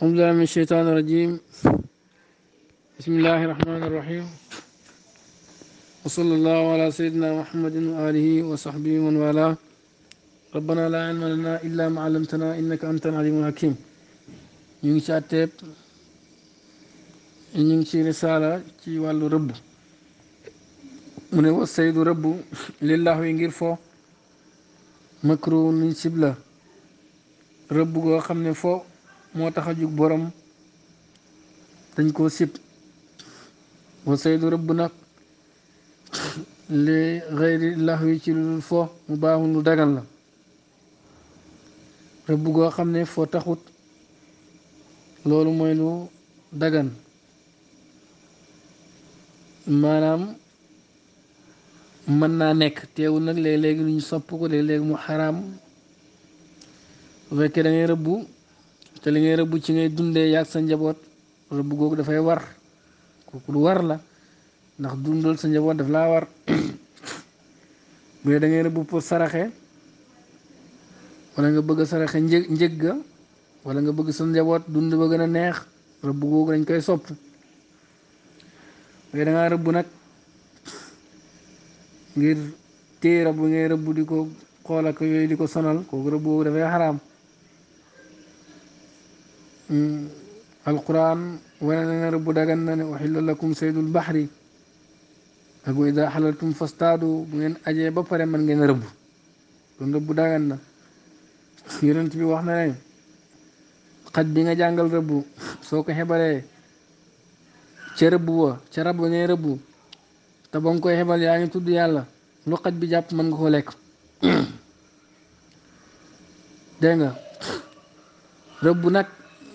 أعوذ بالله من الشيطان الرجيم بسم الله الرحمن الرحيم وصلى الله على سيدنا محمد وآله وصحبه ومن والاه ربنا لا علم لنا إلا ما علمتنا إنك أنت العليم الحكيم ñu ngi ci àtteeb ñu ngi ci risaala ci wàllu rëbb mu ne wa saydu rëbb lillahu yi ngir fo moo tax a jug boroom dañ koo sib wa saydu rëbb nag li lax laxwi ci lu fo mu baaxul lu dagal la rëbb goo xam ne foo taxut loolu mooy lu dagan maanaam mën naa nekk teewul nag léeg-léegi lu ñu sopp ko léeg-léegi mu xaraam bu fekkee da rëbbu te li ngay rëbb ci ngay dundee yàgg sa njaboot rëbb googu dafay war kooku lu war la ndax dundal sa njaboot daf laa war bu dee da ngay rëbb pour saraxe wala nga bëgg a saraxe njëg ga wala nga bëgg sa njaboot dund ba gën a neex rëbb googu dañ koy sopp bu dee da ngaa rëbb nag ngir téera bu ngay rëbb di ko xool ak yooyu di ko sonal kooku rëbb googu dafay xaraam Mm. alquran wane na ne rëbb dagan na ne uxilla lakum saydul baxri ak wa ida xalaltum fastaadu bu ngeen ajee ba pare mën ngeen rëbb kon rëbb dagan na yonent bi wax na ne xaj bi nga jàngal rëbb soo ko xebalee ca rëbb wa ca rab ngay rëbb te ba nga koy xebal yaa ngi tudd yàlla lu xaj bi jàpp mën nga ko lekk dégg nga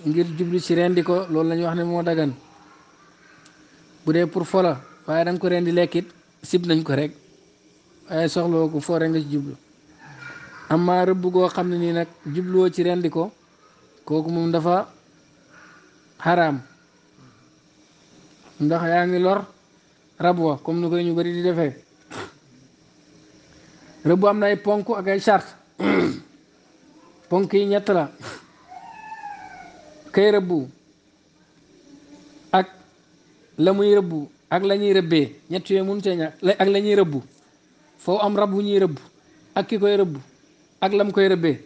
ngir jublu ci rendi ko loolu la ñuy wax ne moo dagan bu dee pour fola waaye da nga ko rendi lekkit sib nañ ko rek waaye soxloo ko foo nga ci jublu amma rëbb goo xam ne nii nag jubluwoo ci rendi ko kooku moom dafa xaraam ndax yaa ngi lor rab wa comme ni koy ñu bari di defee rëbb am na ay ponk ak ay charte ponk yi ñett la kay rëbbu ak la muy rëbbu ak la ñuy rëbbee ñett yooyu mun cee ak la ñuy rëbbu foo am rab wu ñuy rëbb ak ki koy rëbb ak lam koy rëbbee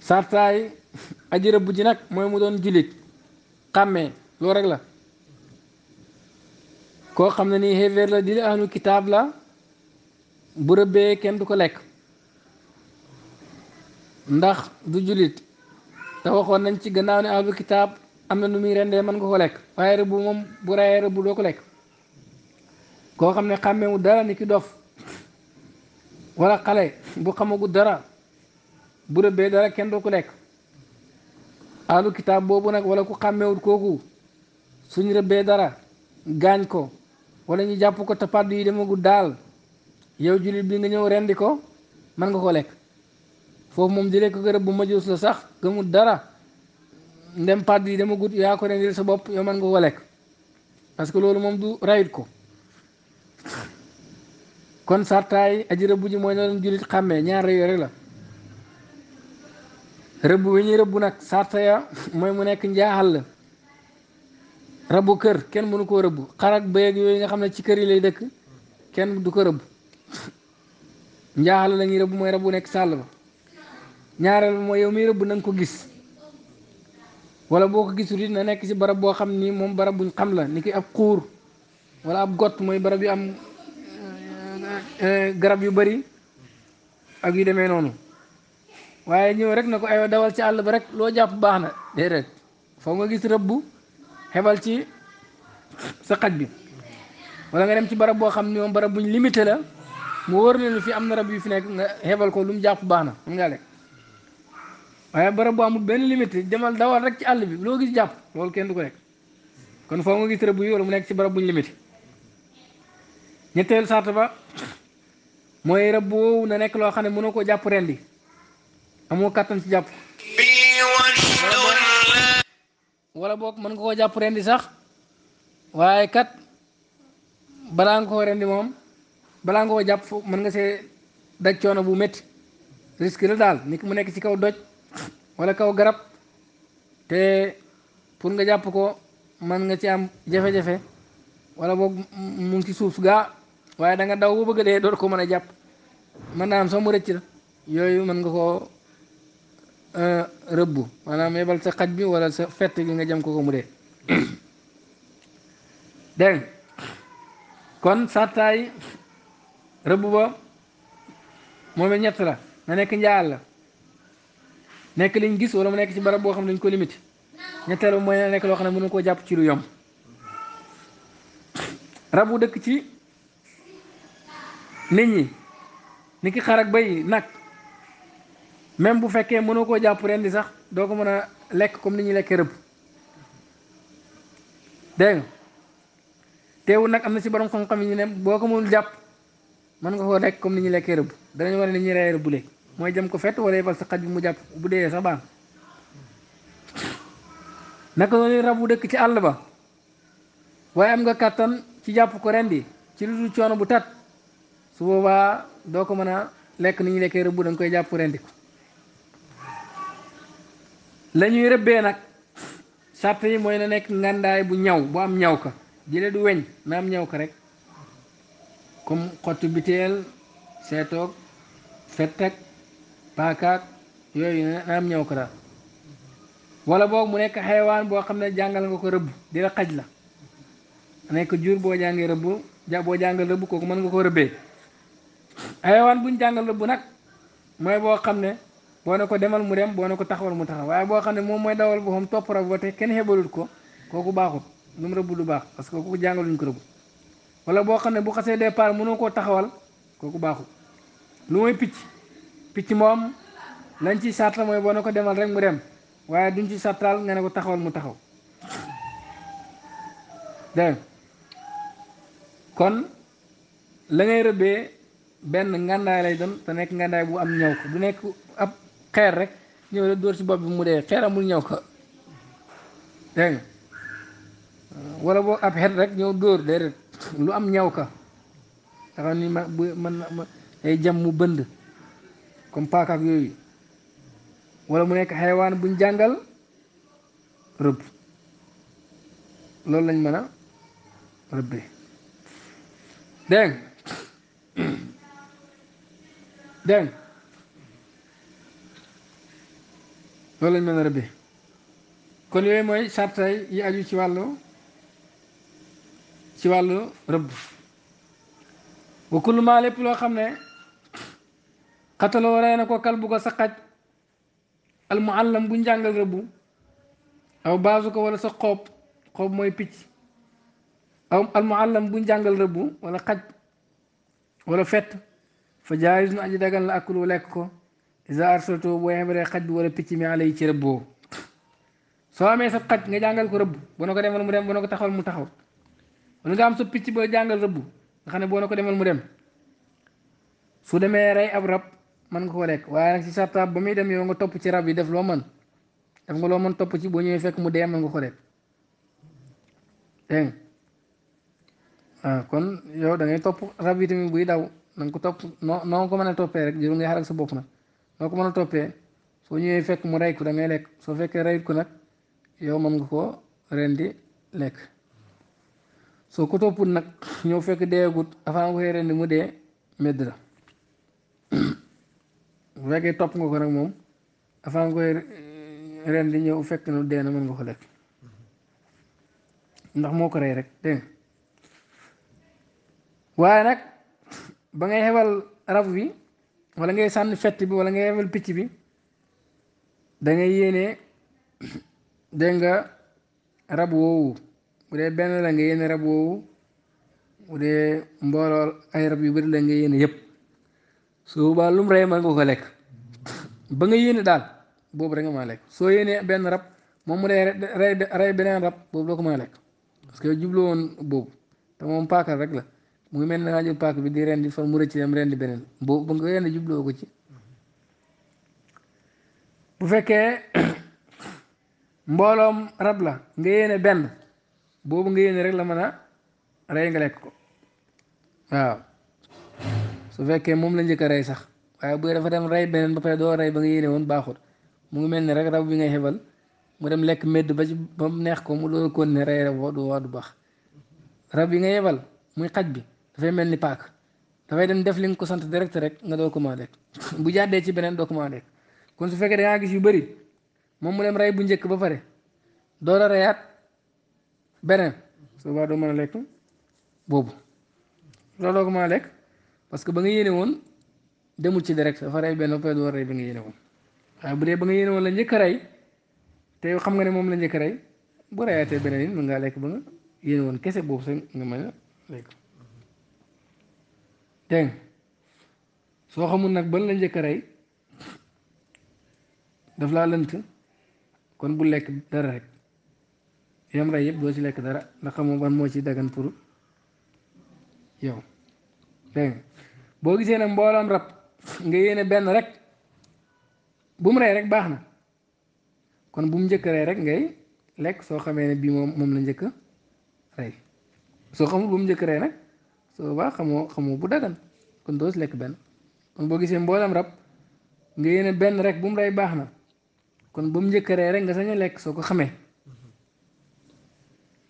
sartaay aji rëbb ji nag mooy mu doon julit xàmmee loo rek la koo xam ne nii xéeféer la di ahlu kitaab la bu rëbbee kenn du ko lekk ndax du jullit te waxoon nañ ci gannaaw ne ahlu kitaab am na nu muy rendee mën nga ko lekk waaye rëbb moom bu rayee rëbb doo ko lekk koo xam ne xàmmewu dara ni ki dof wala xale bu xamagu dara bu rëbbee dara kenn doo ko lekk ahlu kitaab boobu nag wala ku xàmmewut kooku suñ rëbbee dara gaañ ko wala ñu jàpp ko te pàddu yi demagul daal yow jullit bi nga ñëw rendi ko mën nga ko lekk foofu moom jëlee ko gërëb bu majuus la sax mu dara ndem pàdd yi dama gudd yaa ko rendil sa bopp yow man nga ko lekk parce que loolu moom du rayit ko kon sartaay aji rëbb ji mooy na doon xàmmee ñaar yooyu rek la rëbb wi ñuy rëbb nag sartaya mooy mu nekk njaaxal la rabu kër kenn mënu koo rëbb xar ak bëy ak yooyu nga xam ne ci kër yi lay dëkk kenn du ko rëbb njaaxal la ñuy rëbb mooy rabu nekk sàll ba ñaaral mo yow mi rebb nang ko gis wala boko ko gisul na ci barab bo xamni ni barab buñ xam la niki ab khour wala ab got moy barab yu am eh, eh, garab yu bari ak yu demee nonu waye ñew rek nako ko dawal ci Allah ba rek lo japp baxna na déedéet nga gis rebb hebal ci sa xaj bi wala nga dem ci barab bo xamni mom barab buñ limité la mu wóor lu fi am na rab yu fi nek nga hebal ko lu mu japp baxna waaye barab bu amul benn limite demal dawal rek ci àll bi loo gis jàpp loolu kenn du ko lekk kon foo nga gis rëbb yi wala mu nekk ci barab buñ limite ñetteelu sart ba mooy rëbb woowu na nekk loo xam ne mënoo koo jàpp ren di amoo ci jàpp wala boog mën nga koo jàpp ren di sax waaye kat balaa nga koo ren moom balaa nga koo jàpp mën nga see daj bu métti risque la daal nik mu nekk ci kaw doj wala kaw garab te pour nga jàpp ko mën nga ci am jafe-jafe wala boog mu ngi ci suuf gaa waaye da nga daw bu bëgg dee doo ko mën a jàpp mën naa am soo mu rëcc la yooyu mën nga koo naa euh, maanaam yebal sa xaj bi wala sa fett gi nga jëm ko ko mu dee dégg kon sartaay rëbb ba moom it ñett la na nekk njaal la nekk liñ gis wala mu nekk ci barab boo xam ne dañ ko limité ñetteel ba mooy na nekk loo xam ne mënu koo jàpp ci lu yomb rabu dëkk ci nit ñi ni ki xar ak nag même bu fekkee mënoo koo jàpp ren di sax doo ko mën a lekk comme ni ñuy lekkee rëbb dégg nga teewul nag am na ci borom xam-xam yi ñu ne boo ko mënul jàpp mën nga koo lekk comme ni ñuy lekkee rëbb danañ war ne ni ñuy reyee rëbb mooy jëm ko fett wala yebal sa xaj bi mu jàpp bu dee sax baax naka noonu rab bu dëkk ci àll ba waaye am nga kàttan ci jàpp ko rendi ci lu dul coono bu tat su boobaa doo ko mën a lekk ni ñu lekkee rëbb da nga koy jàpp rendi ko la rëbbee nag sàtt yi mooy na nekk ngàndaay bu ñaw bu am ñaw ka jële du weñ na am ñaw ka rek comme xottu biteel seetoog fettak paakaak yooyu na am ñëw ko daal wala boo mu nekk xayawaan boo xam ne jàngal nga ko rëbb di la xaj la nekk jur boo jàngee rëbb boo jàngal rëbb kooku mën nga ko rëbbee xayawaan buñ jàngal rëbb nag mooy boo xam ne boo ne ko demal mu dem boo ne ko taxawal mu taxaw waaye boo xam ne moom mooy dawal boppam topp rab ba te kenn xebalul ko kooku baaxut lu mu rëbb baax parce que kooku jàngaluñ ko wala boo xam ne bu xasee départ mënoo koo taxawal kooku baaxut lu mooy picc picc moom lañ ci sarta mooy boo ne ko demal rek mu dem waaye duñ ci sartaal nga ne ko taxawal mu taxaw dégg kon la ngay rëbbee benn ngàndaay lay doon te nekk ngàndaay bu am ñëw ko du nekk ab xeer rek ñëw dóor ci bopp bi mu dee xeer amul ñëw ko wala boo ab xet rek ñëw dóor déedéet lu am ñaw ka taxaw ni ma bu mën ay jam mu bënd comme paaka yooyu wala mu nekk xayawaan buñ jàngal rëbb loolu lañ mën a rëbbee dégg dégg loolu lañ mën a rëbbee kon yooyu mooy sartay yi aju ci wàllu ci wàllu rëbb wa kullu maa lépp loo xam ne xataloo rey na ko kal bu ko sa xaj al muallam bu njàngal rëbbu aw ko wala sa xoob xoob mooy picc aw al muallam bu wala xaj wala fett fa jaayis nu aji dagan la akulu lekk ko isa arsalto boo xemeree xaj bi wala picc mi ala yi ci rëbboo soo amee sa xaj nga jàngal ko rëbb boo na ko demal mu dem boo na ko taxawal mu taxaw wala nga am sa picc boo jàngal rëbb nga xam ne boo na ko demal mu dem su demee rey ab rab mën nga koo lekk waaye nag si sartaab ba muy dem yow nga topp ci rab yi def loo man def nga loo mën topp ci boo ñëwee fekk mu dee mën nga ko lekk kon yow da ngay topp yi tamit buy daw na nga ko topp noo noo ko mën a toppee rek jërul ngay sa bopp nag noo ko mën a toppee soo ñëwee fekk mu rey da ngay lekk soo fekkee reyut ko nag yow mën nga koo rendi lekk soo ko toppul nag ñëw fekk deegut avant nga koy rendi mu dee medd la bu fekkee topp nga ko nag moom avant nga koy ren di ñëw fekk na dee na mën nga ko lekk ndax moo ko rey rek dégg waaye nag ba ngay xewal rab bi wala ngay sànni fett bi wala ngay xewal picc bi dangay yéene dégg nga rab woowu bu dee benn la nga yéene rab woowu bu dee mboolool ay rab yu bari la nga yéene yëpp. su ba lu mu rey mën nga ko lekk ba nga yéene daal boobu rek nga a lekk soo yéenee benn rab moom mu rey rey beneen rab boobu doo ko mën a lekk parce que jublu woon boobu te moom paaka rek la mu ngi mel ne ngaa jël bi di rendi fa mu rëcc dem rendi beneen boobu ba nga rendi jubloo ko ci bu fekkee mbooloom rab la nga yéene benn boobu nga yéene rek la mën a rey nga lekk ko waaw su fekkee moom la njëkk a rey sax waaye bu dafa dem rey beneen ba pare doo rey ba nga yéene woon baaxut mu ngi mel ni rek rab bi ngay xebal mu dem lekk medd ba ci ba mu neex ko mu loolu kon ne rey rab du waa du baax rab yi nga yebal muy xaj bi dafay mel ni paak dafay dem def li nga ko sant direct rek nga doo commandé bu jàddee ci beneen doo commandé kon su fekkee da ngaa gis yu bëri moom mu dem rey bu njëkk ba pare doo la reyaat beneen a ko mën a parce que ba nga yéene woon demul ci direct dafa rey benn pay door rey bi nga yéene waaye bu dee ba nga yéene woon la njëkk a rey te yow xam nga ne moom la njëkk a rey bu lekk ba nga yéene woon kese boobu sax nga mën a xamul nag ban la njëkk a rey daf laa lënt kon bu lekk dara rek yam rey yëpp doo ci lekk dara ndax xamoo ban moo ci daggan pour yow dégg boo gisee nag mboolam rab nga yéene benn rek bu mu rey rek baax na kon bu mu njëkk rey rek ngay lekk soo xamee ne bii moom moom la njëkk rey soo xamul bu mu njëkk rey nag soo baax xamoo bu dagan kon doo lekk benn kon boo gisee mbooloom rab nga benn rek bu mu rey baax na kon bu mu njëkk rey rek nga sañ a lekk soo ko xamee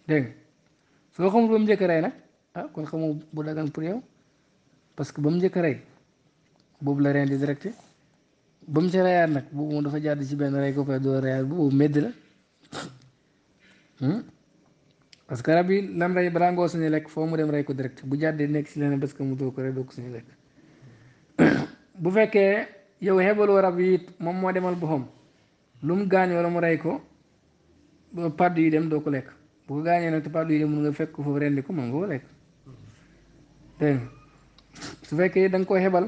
dégg soo xamul bu mu njëkk nag ah kon xamoo bu dagan pour yow. parce que ba mu njëkk a rey boobu la reen di directé ba mu ca reyaat nag boobu moom dafa jàdd ci benn rey ko pare doo reyaat boobu médd la hmm? parce que rab yi lam rey balaa ngoo suñu lekk foo mu dem rey ko direct bu jàddee nekk si leneen parce que mu doo ko rey doo ko suñu lekk fekkee yow xebaloo rab yi moom moo demal boppam lu mu gaañ wala mu rey ko padd yi dem doo ko lekk bu ko gaañee nag te padd yi dem mun nga fekk ko foofu rendi ko mën nga lekk su fekkee da nga ko xebal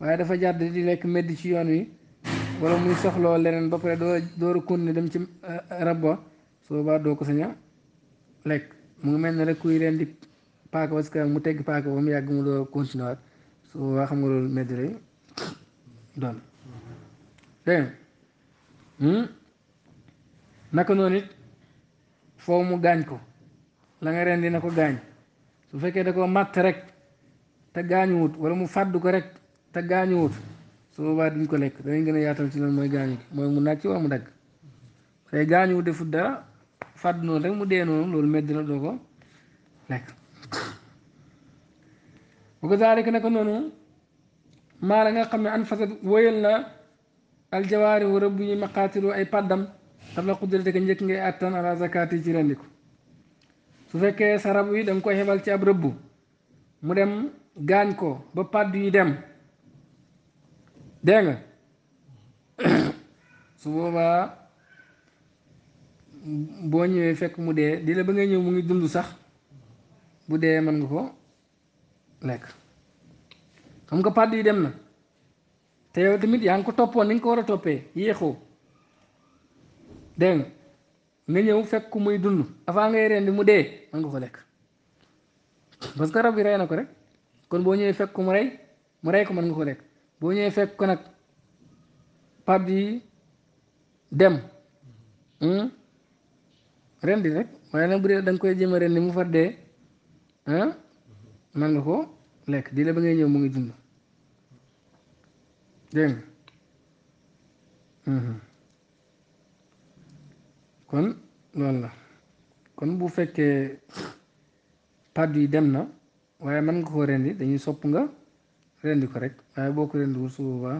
waaye dafa jàdd di lekk medd ci yoon wi wala muy soxloo leneen ba pare doo door a continuer dem ci eh, rab ba soo baa doo ko sañ lekk mu ngi mel ne rek kuy leen di paaka parce que mu tegg paaka ba mu yàgg mu doo continuer waat su xam nga loolu medd lay doon dégg hmm? naka noonu it foo mu gaañ ko la nga rendi na ko gaañ su fekkee da ko màtt rek te gaañuwut wala mu fàddu ko rek te gaañuwut su boobaa duñ ko lekk danañ gën a yaatal ci loolu mooy gaañu mooy mu nàcc wala mu dagg tey gaañuwut defut dara fàddu noonu rek mu dee noonu loolu medd la doo ko lekk bu ko la nga xam ne an fasat wóyal na aljawaari wa rëbb yi maqaatilu ay paddam tabla qudrate ka njëkk ngay attan ala zakaat yi ci rendiku su fekkee sa rab wi da koy xebal ci ab rëbb mu dem gaañ ko ba pàdd yi dem dégg nga su boobaa boo ñëwee fekk mu dee di la ba ngay ñëw mu ngi dund sax bu dee mën nga ko lekk xam nga pàdd yi dem na te yow tamit yaa ngi ko toppoon ni nga ko war a toppee yéexoo dégg nga ñëw fekk ku muy dund avant ngay rendi mu dee mën nga ko lekk parce que rab bi rey na ko rek kon boo ñëwee fekk ko mu rey mu rey ko mën nga ko lekk boo ñëwee fekk ko nag pàdd yi dem hmm, ren di rek waaye nag bu dee danga koy jéem a mu far dee ah mën nga ko lekk dii la ba ngay ñëw mu ngi dund dégg nga hmm. kon loolu la kon bu fekkee pàdd yi dem na waaye mën nga koo rendi dañuy sopp nga rendi ko rek waaye boo ko rendiwul su boobaa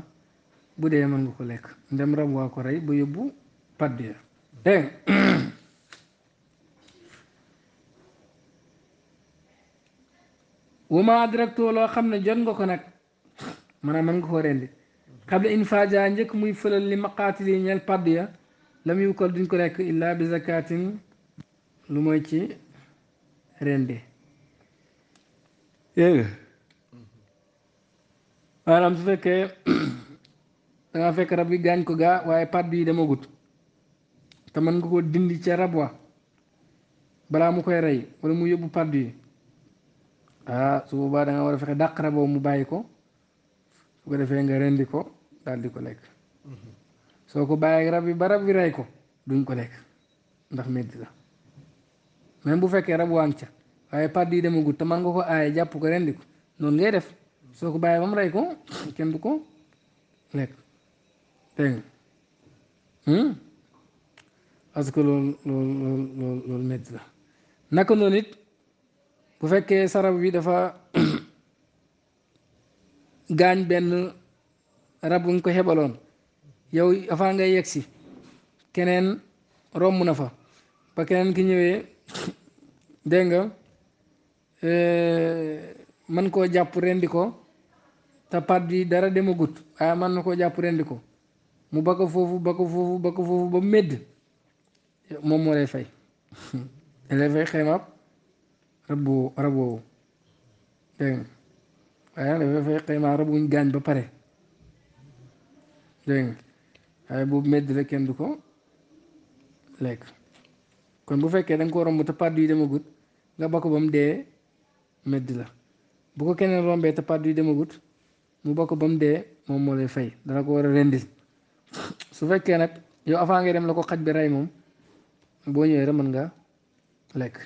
bu dee mën nga ko lekk ndem rab waa ko rey ba yóbbu pat bi la dégg wama loo xam ne jot nga ko nag maanaam mën nga koo rendi xable in njëkk muy fëlal li maqaatil yi ñeel padd ya lam yukkal duñ ko lekk illa bi zakatin lu mooy ci rendi dégg nga maanaam su fekkee da fekk rab bi gaañ ko gaa waaye pàdd yi dama gut te mën nga ko dindi ca rab wa balaa mu koy rey walla mu yóbbu pàdd yi ah su boobaa da nga war a fexe dàq raboo mu bàyyi ko su ko defee nga rendi ko daal di ko lekk soo ko bàyyi rab bi ba rab bi rey ko duñ ko lekk ndax métti la même bu fekkee rab waa ngi ca waaye pàdd yi demagul te man nga ko aaye jàpp ko rendi ko noonu ngay def soo ko bàyyee ba mu rey ko kenn du ko lekk dégg nga hmm? parce que loolu la naka noonu it bu fekkee sarab bi dafa gaañ benn rab bu ñu ko xebaloon yow afaa ngay yegg si keneen romb na fa ba keneen ki ñëwee dégg nga Eh, man koo jàpp rendi ko te pat bi dara demagut waaye man na koo jàpp rendi ko mu bakk foofu bakk foofu bakk foofu ba moom moo lay fay lay fay xaymaab rab woowu wuñ gaañ ba pare dégg nga waaye boobu médd la kenn du ko lekk kon bu fekkee da koo ko romb te pat yi demagut nga bakk ba mu dee medd la bu ko keneen rombee te pàddu yi demagut mu bokk ba mu dee moom moo lay fay dana ko war a rendil su fekkee nag yow avant nga dem la ko xaj bi rey moom boo ñëwee rek mën nga lekk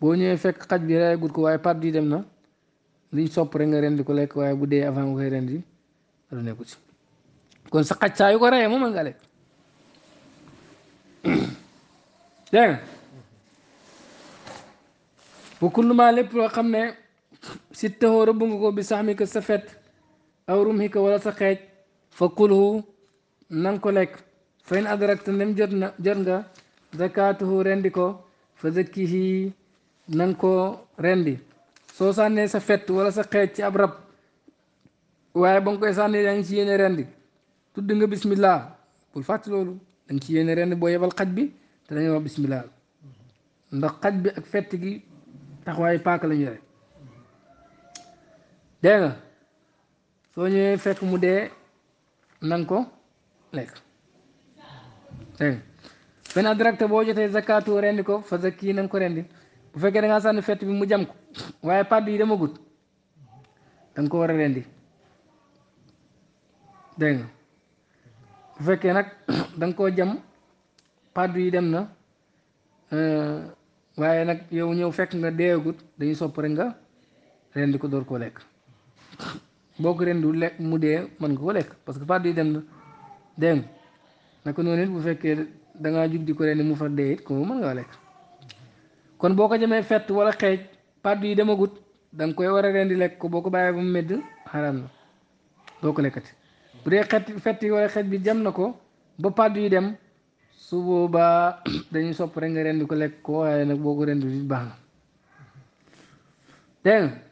boo ñëwee fekk xaj bi reyagut ko waaye part yi dem na liñ sopp rek nga rendi ko lekk waaye bu dee avant koy rendi dara nekkut si kon sa xaj saa yu ko reyee moom mën nga lekk dégg nga bu kullu maa lépp loo xam ne sittaxoo rëbb nga ko bi saxmika sa fet aw rumxika wala sa xeej fa kulhu na nga ko lekk fa in adrakta ndem jot na jot nga zakaatuhu rendi ko fa zakkihi na nga ko rendi soo sànnee sa fet wala sa xeej ci ab rab waaye ba nga koy sànni da nga ci yéene rendi tudd nga bismillah bul fàtte loolu da ci yéene rendi boo yebal xaj bi te dañuy wax bismillah ndax xaj bi ak fet gi taxawaayu paaka la ñu dégg nga soo ñëwee fekk mu dee nang ko lekk dégg nga benn adrakta boo jotee zakatu rendi ko fa zakki na ko rendi bu fekkee da ngaa sànni fett bi mu jam ko waaye pàdd yi dama gut ko war a rendi dégg nga bu fekkee nag da koo jam pàdd yi dem na euh, waaye nag yow ñëw fekk nga deewagut dañu sopp rek nga rendi ko door koo lekk boo ko rendu lekk mu dee mën nga ko lekk parce que fàddu yi dem na dégg nga naka noonu bu fekkee da ngaa jug di ko rendi mu far dee it kooku mën ngaa lekk kon boo ko jëmee fett walla xeej fàddu yi demagut da nga koy war a rendi lekk ko boo ko bàyyee ba mu medd xaraam na doo ko lekkati bu dee xet fett yi wala xeej bi jam na ko ba fàddu yi dem su boobaa dañuy sopp rek nga rendi ko lekk ko waaye nag boo ko rendi baax na dégg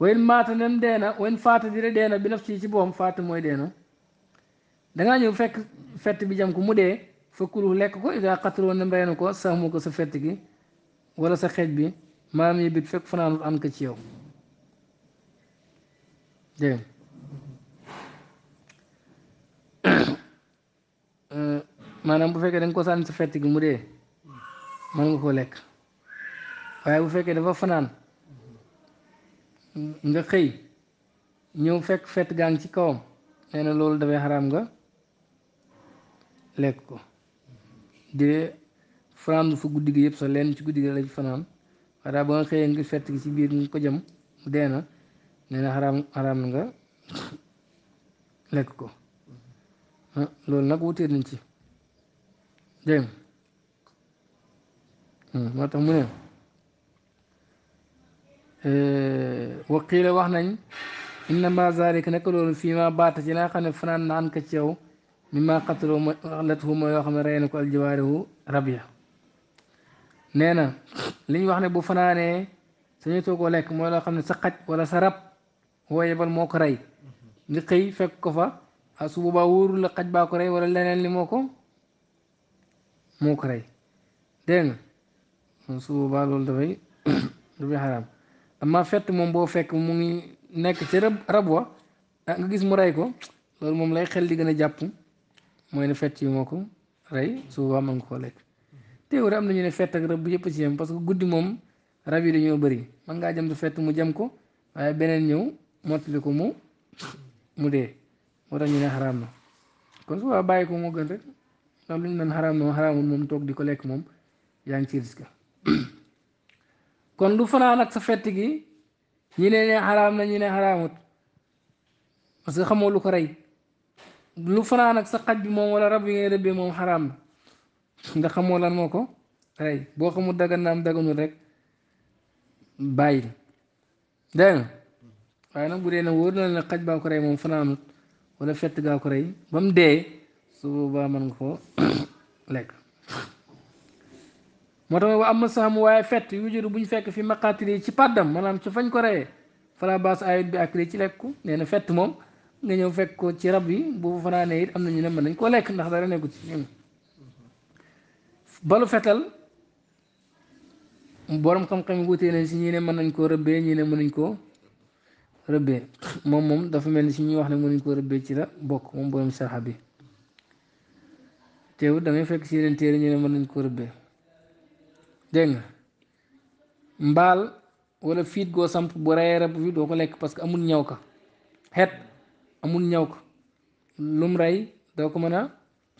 wayn maata dem deena wayn faata di deena bi naf ci ci boppam faata mooy deena dangaa ñëw fekk fett bi jam ko mu dee fëkkulu lekk ko ida xataloon ne mbéy na ko ko sa fett wala sa xeej bi maanaam yi bit fekk ko ci yow maanaam bu fekkee da ko sànni sa fett gi mu dee mën nga koo lekk waaye bu fekkee dafa fanaan nga xëy ñëw fekk fett gaa ngi ci kawam nee na loolu dafay xaraam nga lekk ko de fanaan fa guddi gi yëpp sax lenn ci guddi gi la ci fanaan xanaa ba nga xëyee ngi fett gi ci biir nga ko jëm dee na nee na xaraam nga lekk ko ah, loolu nag wutee nañ ci dégg hmm, moo tax mu ne آه، وقيل وحنا إنما ذلك نقول فيما بات جنا خن فنان نان كتشو مما قتل وغلته ما يخم رينك الجواره ربيع نينا لين وحنا بو فنان سنيتو قول لك مولا خن سقط ولا سرب هو يبل موك راي نقي فك كفا أسوبا باور لقج باك راي ولا لنان لموكو موك راي دين سوبا لول دبي دبي حرام amma fett moom boo fekk mu ngi nekk ci rab rab wa ah, nga gis mu rey ko loolu moom lay xel di gën a jàpp mooy ne fett yi ko rey su boobaa mën nga koo lekk teewul nañu ne fett rab bi yëpp ci parce que guddi moom rab yi dañoo bëri mën ngaa jëm du mu jam ko waaye beneen ñëw mottali ko mu mu dee moo tax ñu ne xaraam na kon su boobaa bàyyi ko moo gën rek ndax lu ñu naan xaraam na xaraamul moom toog di ko lekk moom yaa ngi ci risque kon du fanaan ak sa fett gi ñi ne ne xaraam na ñi ne xaraamut parce que xamoo lu ko rey lu fanaan ak sa xaj bi moom wala rab yi ngay rëbbee moom xaraam na nga xamoo lan moo ko rey boo xamul dagan naam rek bàyyi dégg nga waaye nag bu dee ne wóor na la xaj baa ko rey moom fanaanut wala fett gaa ko rey ba mu dee su boobaa mën nga ko lekk moo tax am amma sahmu waaye fett yujudu bu ñu fekk fi maqaatili ci paddam maanaam ci fañ ko reyee fala baas ayit bi akli ci lekku nee na fett moom nga ñëw fekk ko ci rab yi bu fanaanee yi am na ñu ne man nañ koo lekk ndax dara nekku ci balu fetal borom xam-xam yi wutee nañ si ñii ne mën nañ koo rëbbee ñi ne nañ koo rëbbee moom moom dafa mel ni si ñuy wax ne mënuñ koo rëbbee ci la bokk moom borom sarxa bi teewul da ngay fekk si yeneen téere mën nañ koo rëbbee dégg nga mbaal wala fiit go samp bu rayee rab bi doo ko lekk parce que amul ñaw ka xet amul ñaw ka lum ray, doo ko mën a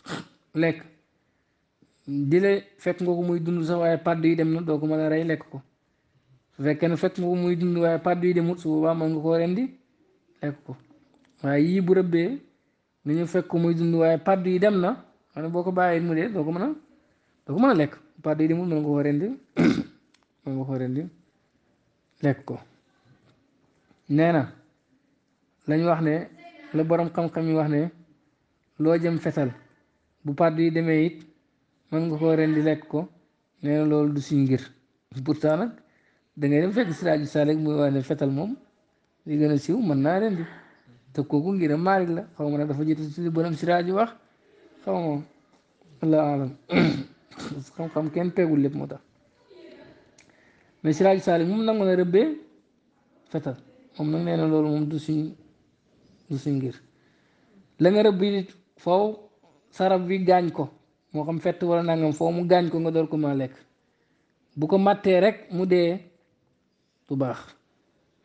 lekk dile fekk nga ko muy dund sax waaye pàdd yi dem na doo ko mën a rey lekk ko su fekkee ne fekk nga ko muy dund waaye pàdd yi demut su boobaa mën nga koo rendi lekk ko waaye yii bu rëbbee nga ñu fekk ko muy dund waaye pàdd yi dem na xam ne boo ko bàyyi mu dee doo ko mën a doo ko mën a par ɗiɗi mum nonko hoore ndi nonko hoore lekk ko nee na lañ wax ne la borom xam-xam yi wax ne loo jëm fetal bu pàdd yi demee it mën nga koo rendi lekk ko nee na loolu du suñ ngir pourtant nag da ngay dem fekk siraaju salik muy wax ne fetal moom li gën a siiw mën naa rendi te kooku ngiram maalik la xaw ma nag dafa jiitu si borom siraaju wax xaw ma allah alam xam-xam kenn peegul lépp moo tax mais Siraaj Saalik moom nangu na rëbbee fetal moom nag nee na loolu moom du si du suñ ngir la nga rëbb yi faw sarab bi gaañ ko moo xam fett wala nangam faw mu gaañ ko nga door ko ma lekk bu ko màttee rek mu dee du baax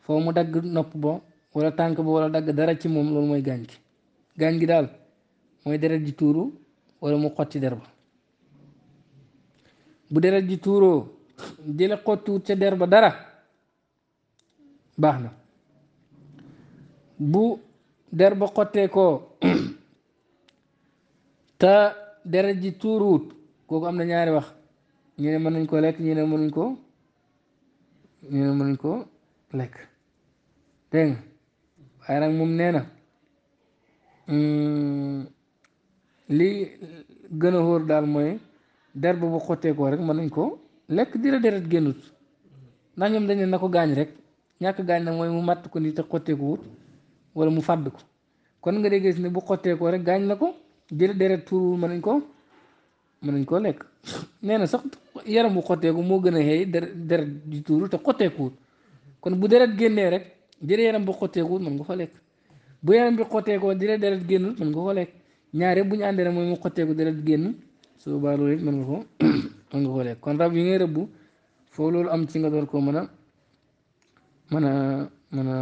faw mu dagg nopp ba wala tànk ba wala dagg dara ci moom loolu mooy gaañ gi gaañ gi daal mooy deret ji tuuru wala mu xotti der ba bu deret ji tuuroo di la ca der ba dara baax na bu der ba xottee koo te deret ji tuuruwut kooku am na ñaari wax ñu ne mën nañ koo lekk ñu ne mënuñ koo ñu ne mënuñ ko lekk dégg waaye nag moom nee na mm, li gën a wóor daal mooy der ba bu xotteekoo rek mën nañ ko lekk dira deret génnut ndax ñoom dañ na ko gaañ rek ñàkk gaañ mooy mu matt ko nii te xotteeku wala mu fàdd ko kon nga dee gis ne bu xotteekoo rek gaañ na ko dira deret mën nañ ko mën nañ koo lekk nee na sax yaram bu xotteeku moo gën a xëy deret di tuuru te xotteeku kon bu deret génnee rek jëre yaram bu xotteeku wut mën nga ko bu yaram bi xotteekoo dira deret génnut mën nga ko lekk ñaare bu ñu àndee rek mooy mu xotteeku deret génn su boobaa loolu it mën nga koo mën nga koo lekk kon rab yi ngay rëbbu foo loolu am ci nga door koo mën a mën a mën a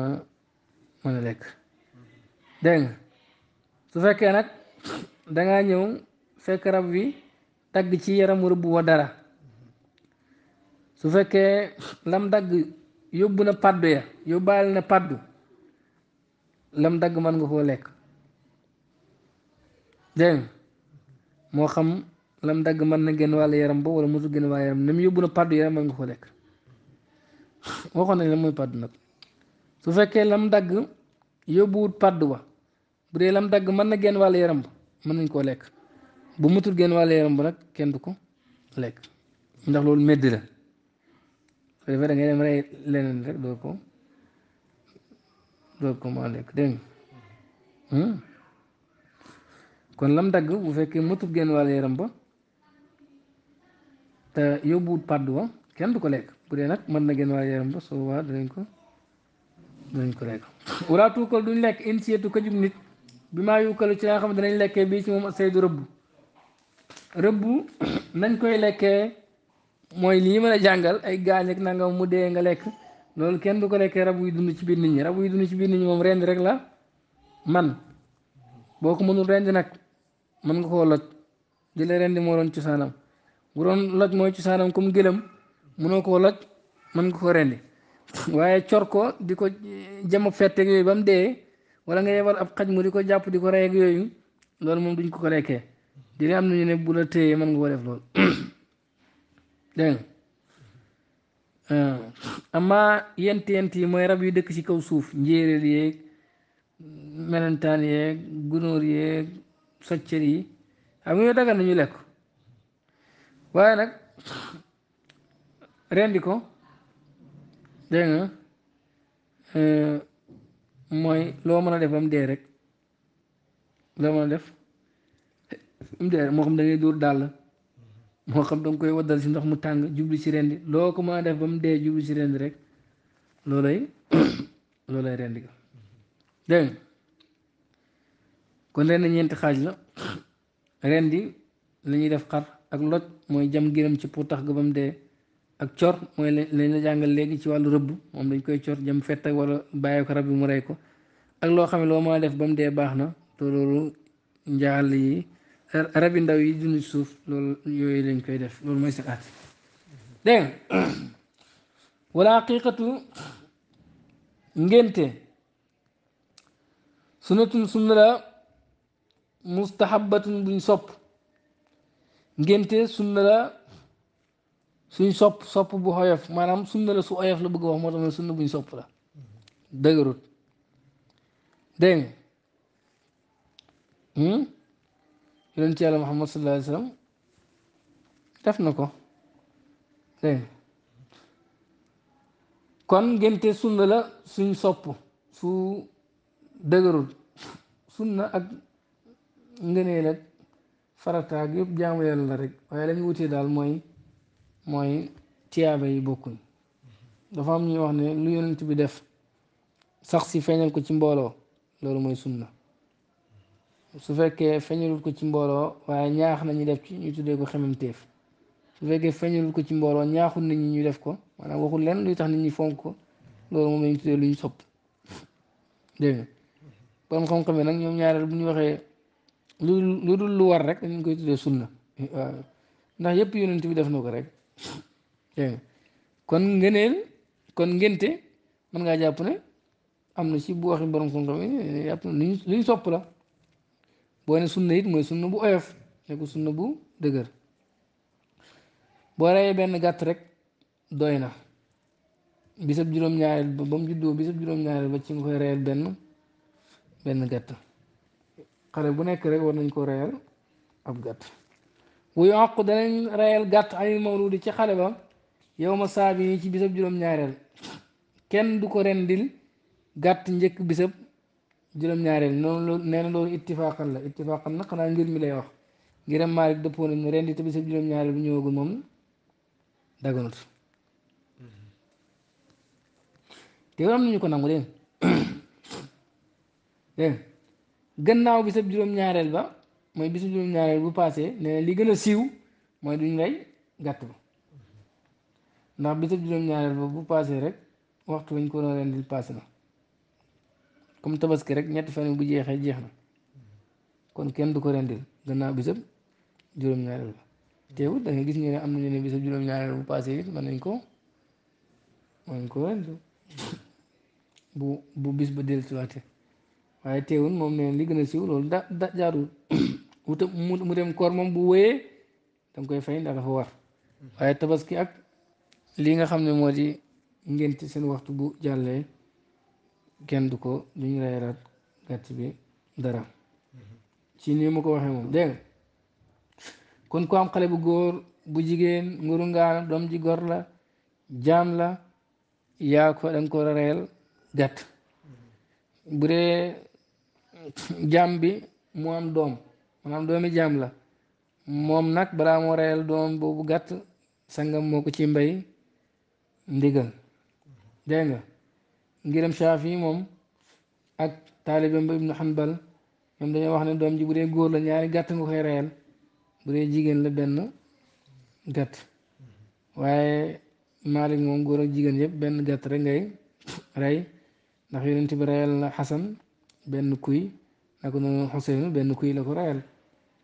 mën a lekk dégg nga su fekkee nag dangaa ñëw fekk rab bi dagg ci yaramu rëbb wa dara su fekkee lam dagg yóbbu na pàddu ya yóbbaale na pàddu lam dagg mën nga koo lekk dégg nga moo xam lam dagg mën na génn wàll yaram ba wala mosul génn wàll yaram ni mu yóbbu na pàddu yaram mën nga ko lekk waxoon nañ su fekkee lam dagg yóbbuwut pàddu ba bu dee lam dagg mën na génn wàll yaram ba mën nañ koo lekk bu mutul génn wàll nag kenn du ko lekk ndax loolu medd la su defee da hmm? kon lam dagg bu fekkee mutul genn wàll yaram ba te yóbbuwut pàddu ba kenn du ko lekk bu dee nag mën na génn waa yaram ba soo waa danañ ko danañ ko lekk walaa tuukal duñ lekk in sietu ko jub nit bi maa yuukalu ci la nga xam ne danañ lekkee bii ci moom saydu rëbb rëbb nañ koy lekkee mooy lii mën a jàngal ay gaañ ak nangam mu dee nga lekk loolu kenn du ko lekkee rab yu dund ci biir nit ñi rab yu dund ci biir nit ñi moom rend rek la man boo ko mënul rend nag mën nga koo loj jëlee rendi moo doon cosaanam bu doon loj mooy cosaanam comme gëlëm mënoo koo loj mën nga ko rendi waaye cor ko di ko jama fetteeg yooyu ba mu dee wala nga yebal ab xaj mu di ko jàpp di ko rey yooyu loolu moom duñ ko ko lekkee dina am nañu ne bu la téyee mën nga def loolu dégg ah. amaa yent yent yi mooy rab yu dëkk ci kaw suuf njéeréel yeeg melentaan yeeg gunóor yeeg soccër yi am nga dagal nañu lekk waaye nag rendi ko dégg euh, mooy loo mën a def ba mu dee rek loo mën a def ba dee rek moo xam dangay ngay dóor dàll moo xam da koy waddal si ndox mu tàng jubli si rendi loo ko mën a def ba mu dee jubli si rendi rek loolay loolay rendi ko dégg nga kon rendi ñeenti xaaj la rendi la def xar ak loj mooy jam giram ci potax ga ba mu dee ak cor mooy lañ la jàngal léegi ci wàllu rëbb moom dañ koy cor jam fett ak wala bàyyi ko rab bi mu rey ko ak loo xam ne loo maa def ba mu dee baax na te loolu njaal yi rab yi ndaw yi dund ci suuf loolu yooyu lañ koy def loolu mooy seen at dégg nga wala haqiqatu la mustahabatun buñ sopp ngénte sunna la suñ sopp sopp bu xoyof maanaam sunna la su oyof la bëgg wax moo tax ne sunna buñ sopp la dëgërut dégg nga hmm? yonent ci yàlla Muhammad sallallahu alayhi def na ko dégg kon ngénte sunna la suñ sopp su dëgërut sunna ak ngëneel ak farataag yëpp jaamu yàlla la rek waaye lañu wutee daal mooy mooy tiyaaba yi bokkuñ dafa am ñuy wax ne lu yonent bi def sax si feeñal ko ci mbooloo loolu mooy na su fekkee feeñalul ko ci mbooloo waaye ñaax nañu def ci ñu tuddee ko xememteef su fekkee feeñalul ko ci mbooloo ñaaxul nit ñi ñu def ko maanaam waxul lenn luy tax nit ñi fonk ko loolu moom lañu tuddee lu ñu sopp dégg nga xam-xam nag ñoom ñaareel bu ñu waxee lu lu dul lu war rek dañu koy tuddee sunna waaw ndax yépp yonent bi def na ko rek kon ngëneel kon ngénte mën ngaa jàpp ne am na ci bu waxi borom xam-xam yi boo ne mooy sunna bu oyof nekku bu dëgër boo reyee benn gàtt rek doy na bisab juróom-ñaareel ba ba mu juddoo bisab juróom-ñaareel ba ci nga koy reyal benn benn gàtt xale bu nekk rek war nañ ko reyal ab gàtt wuyu àq danañ reyal gàtt ani mawludi ci xale ba yow ma saabi yi ci bisab juróom-ñaareel kenn du ko rendil gàtt njëkk bisab juróom-ñaareel noonu loolu nee na loolu ittifaaqan la ittifaaqan nag xanaa ngir mi lay wax ngiram Maalik dëppoo nañ ne rendi te bisab juróom-ñaareel bu ñëwagul moom daganut te am nañu ko nangu dégg gannaaw bisab juróom-ñaareel ba mooy bisab juróom-ñaareel bu paasee nee na li gën a siiw mooy duñ lay gàtt ba ndax bisab juróom-ñaareel ba bu paasee rek waxtu wañ ko war a rendil paase na comme tabaski rek ñetti fan bu jeexee jeex na kon kenn du ko rendil gannaaw bisab juróom-ñaareel ba teewul da nga gis ñu ne am nañu ne bisab juróom-ñaareel bu paasee it mën nañ ko mën nañ ko rendil bu bu bis ba dellusiwaatee waaye teewul moom neen li gën a siiw loolu da da jaarul wuta mu dem koor moom bu wéyee danga koy fay ndax dafa war waaye tabaski ak lii nga xam ne moo di ngénti seen waxtu bu jàllee kenn du ko duñ reeraat gàtt bi dara ci nii ma ko waxee moom dégg kon ku am xale bu góor bu jigéen nguru ngaana doom ji gor la jaam la yaa ko da ko reyal gàtt bu dee Jambi bi mu am doom maanaam doomi jam la nak nag balaa moo reyal doom boobu gatt sangam moko ci mbey ndigal denga ngiram shafi mom ak talibam ibn Hanbal ñom dañu wax ne doom ji bu goor la ñaari gatt nga koy reyal bu jigen la ben gatt waye malik mom goor ak jigen yeb ben gatt rek ngay ray ndax yoonte bi reyal kuy naka noonu Xuseynu benn kuy la ko rayal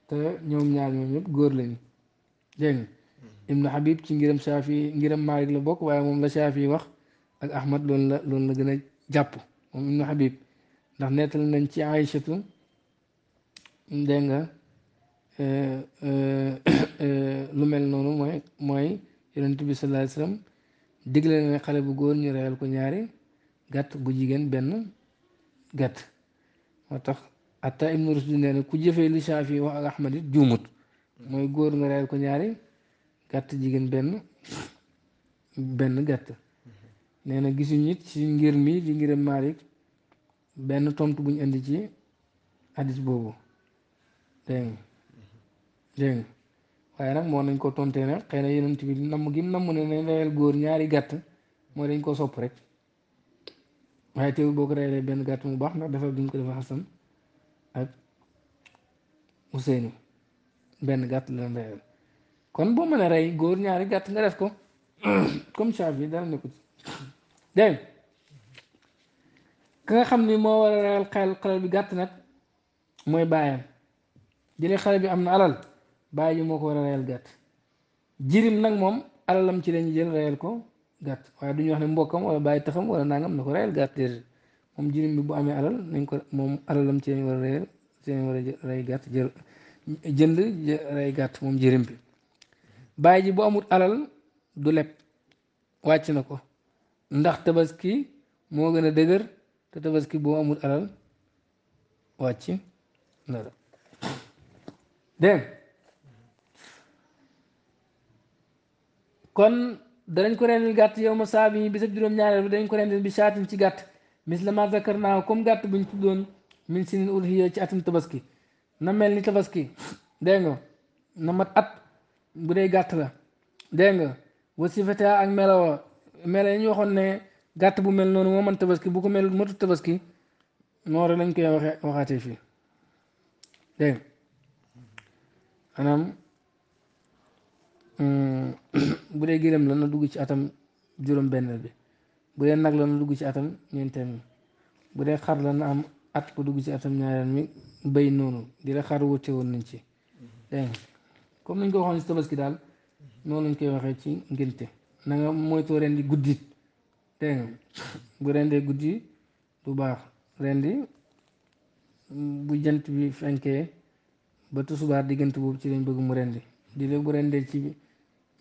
te ñoom ñaar ñoom ñëpp góor lañu dégg nga hmm. Ibnu Habib ci ngiram Shaafi ngiram Maalik la bokk waaye moom la Shaafi wax ak Ahmad loolu la loolu la gën a jàpp moom Ibnu Habib ndax nettal nañ ci Aïchatu dégg nga euh, euh, euh, lu mel noonu mooy mooy yonent bi sallallahu alayhi wasallam digle na xale bu góor ñu reyal ko ñaari gàtt bu jigéen benn gàtt moo tax atta ibnu rusdi nee na ku jëfee li Shaafi wax ak Ahmad juumut mooy góor nga reyal ko ñaari gàtt jigéen benn benn gàtt nee na gisuñu it ci ngir mi di ngiram Malik benn tontu buñ indi ci hadis boobu dégg nga dégg waaye nag moo nañ ko tontee nag xëy na yonent bi namm gi namm ne nañ reyal góor ñaari gàtt moo dañ ko sopp rek waaye teewul boo ko reyalee benn gàtt mu baax ndax dafa duñ ko dafa xasan ak Ousseynou benn gàtt la leen kon boo mën a rey góor ñaari gàtt nga def ko comme chaf yi dara nekkul dégg ka nga xam ni moo war a reyal xel xale bi gàtt nag mooy baayam jëlee xale bi am na alal baay ji moo ko war a reyal gàtt nag moom alalam ci lañu jël reyal ko gàtt waaye du ñu wax ne mbokkam wala bàyyi taxam wala nangam na ko reyal gàtt déedéet moom jirim bi bu amee alal nañ ko moom alalam ci lañ war a rey ci lañ war a rey gàtt jël jënd rey gàtt moom jirim bi bàyyi ji bu amul alal du leb wàcc na ko ndax tabaski moo gën a dëgër te tabaski boo amul alal wàcc na la dégg kon danañ ko rendil gàtt yow ma saa bi bis ab juróom-ñaareel bi danañ ko rendil bi saatin ci gàtt mis la ma zakarnaa comme gàtt ñu tuddoon min sinin udhiya ci atum tabaski na mel ni tabaski dégg nga na mat at bu dee gàtt la dégg nga wasifata ak melawa mela yi ñu waxoon ne gàtt bu mel noonu moo man tabaski bu ko mel matu tabaski noonu lañ koy waxee waxaatee fii dégg nga mm, bu dee gërëm la na dugg ci atam juróom benn bi bu dee nag la na dugg ci atam ñeenteel mi bu dee xar la na am at bu dugg ci atam ñaareel mi béy noonu di la xar wute woon nañ ci dégg comme nañ ko waxoon ci tabaski daal noonu lañ koy waxee ci ngénte na nga moytoo rendi guddit dégg nga bu rendee guddi du baax rendi bu jant bi fenkee ba tusubaar diggante boobu ci lañ bëgg mu rendi di la bu rendee ci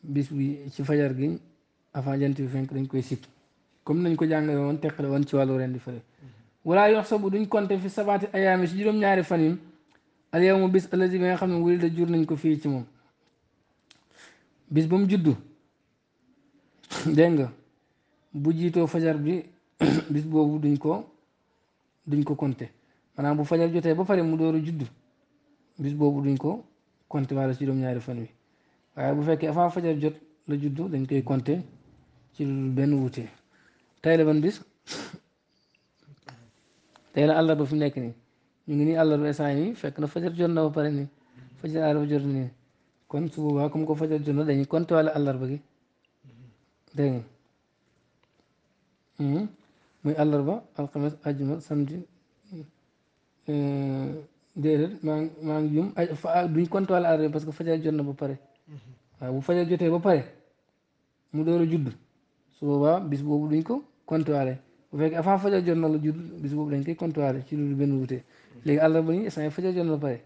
bis bi ci fajar gi avant jant bi fenk dañ koy sikk comme nañ ko jàngale woon teqale woon ci wàllu ren di fare wala yox sabu duñ compter fi sabaati ayaami si juróom-ñaari fan yi al yawmu bis nga xam ne wuli da jur nañ ko fii ci moom bis ba mu juddu dégg nga bu jiitoo fajar bi bis boobu duñ ko duñ ko compter maanaam bu fajar jotee ba pare mu door a juddu bis boobu duñ ko compter wala ci fan wi waaye bu fekkee avant fajar jot la juddu dañ koy compter ci lu benn wuute. tey la ban bis tey la àllarba fi nekk nii ñu ngi nii àllarba instant yi fekk na fajar jot na ba pare nii fajar jot kon comme ko fajar jot na dañuy compté wàllu àllarba gi dégg nga hmm? muy eh, maa ngi maa ngi jum duñ que fajar jot na ba pare mhm. bu fajar jotee ba pare mu door a judd bis boobu duñ ko. comptoiré bu fekkee avant fajar jot na la judd bis boobu dañ koy comptoiré ci loolu benn wute léegi àllarba nii saa fajar jot na la pare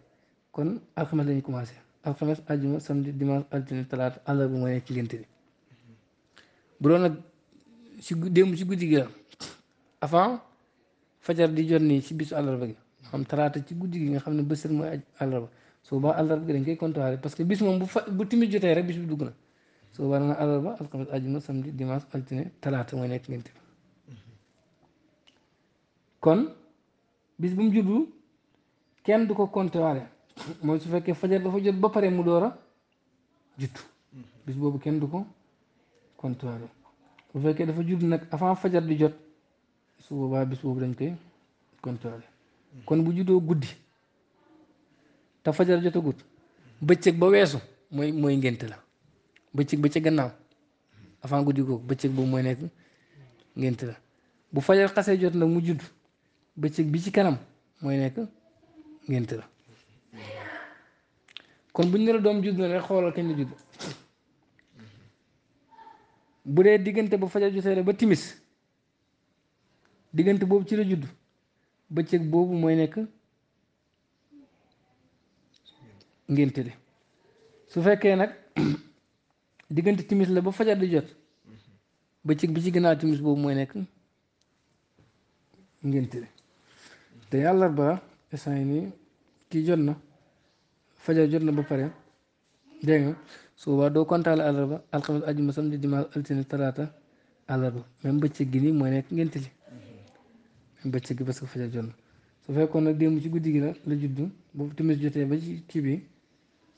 kon alxames lañ commencé alxames àjjuma samedi dimanche altine talaata àllarba mooy nekk ci gént bi bu doon nag si démb ci guddi gi la avant fajar di jot nii si bisu àllarba gi xam talaata ci guddi gi nga xam ne bés rek mooy àllarba soo baa àllarba gi dañ koy comptoiré parce que bis moom bu fa bu timit jotee rek bis bi dugg na soo baa na àllarba alxames àjjuma samedi dimanche altine talaata mooy nekk ci bi kon bis bu mu juddu kenn du ko compter mooy su fekkee fajar dafa jot ba pare mu door a juddu bis boobu kenn du ko compter bu fekkee dafa juddu nag avant fajar di jot su boobaa bis dañ koy compter kon bu juddoo guddi te fajar jotagut bëccëg ba weesu mooy mooy ngént la bëccëg ba ca gannaaw avant guddi googu bëccëg boobu mooy nekk la bu fajar xasee jot nag mu judd. bëccëg bi ci kanam mooy nekk ngént la kon bu ñu ne la doom judd na rek xoolal kañ la judd bu dee diggante ba fajar jotee la ba timis diggante boobu ci la judd bëccëg boobu mooy nekk ngénte li su fekkee nag diggante timis la ba fajar di jot bëccëg bi ci gannaaw timis boobu mooy nekk ngénte li te àllarba instant yi ni kii jot na fajar jot na ba pare dégg nga su boobaa doo kontaale àllarba alxames ajuma samedi dimanche altine talaata àllarba même bëccëg gi nii mooy nekk ngént li même bëccëg gi que fajar jot na su nag démb ci guddi gi la la juddu boobu jotee ba ci kii bi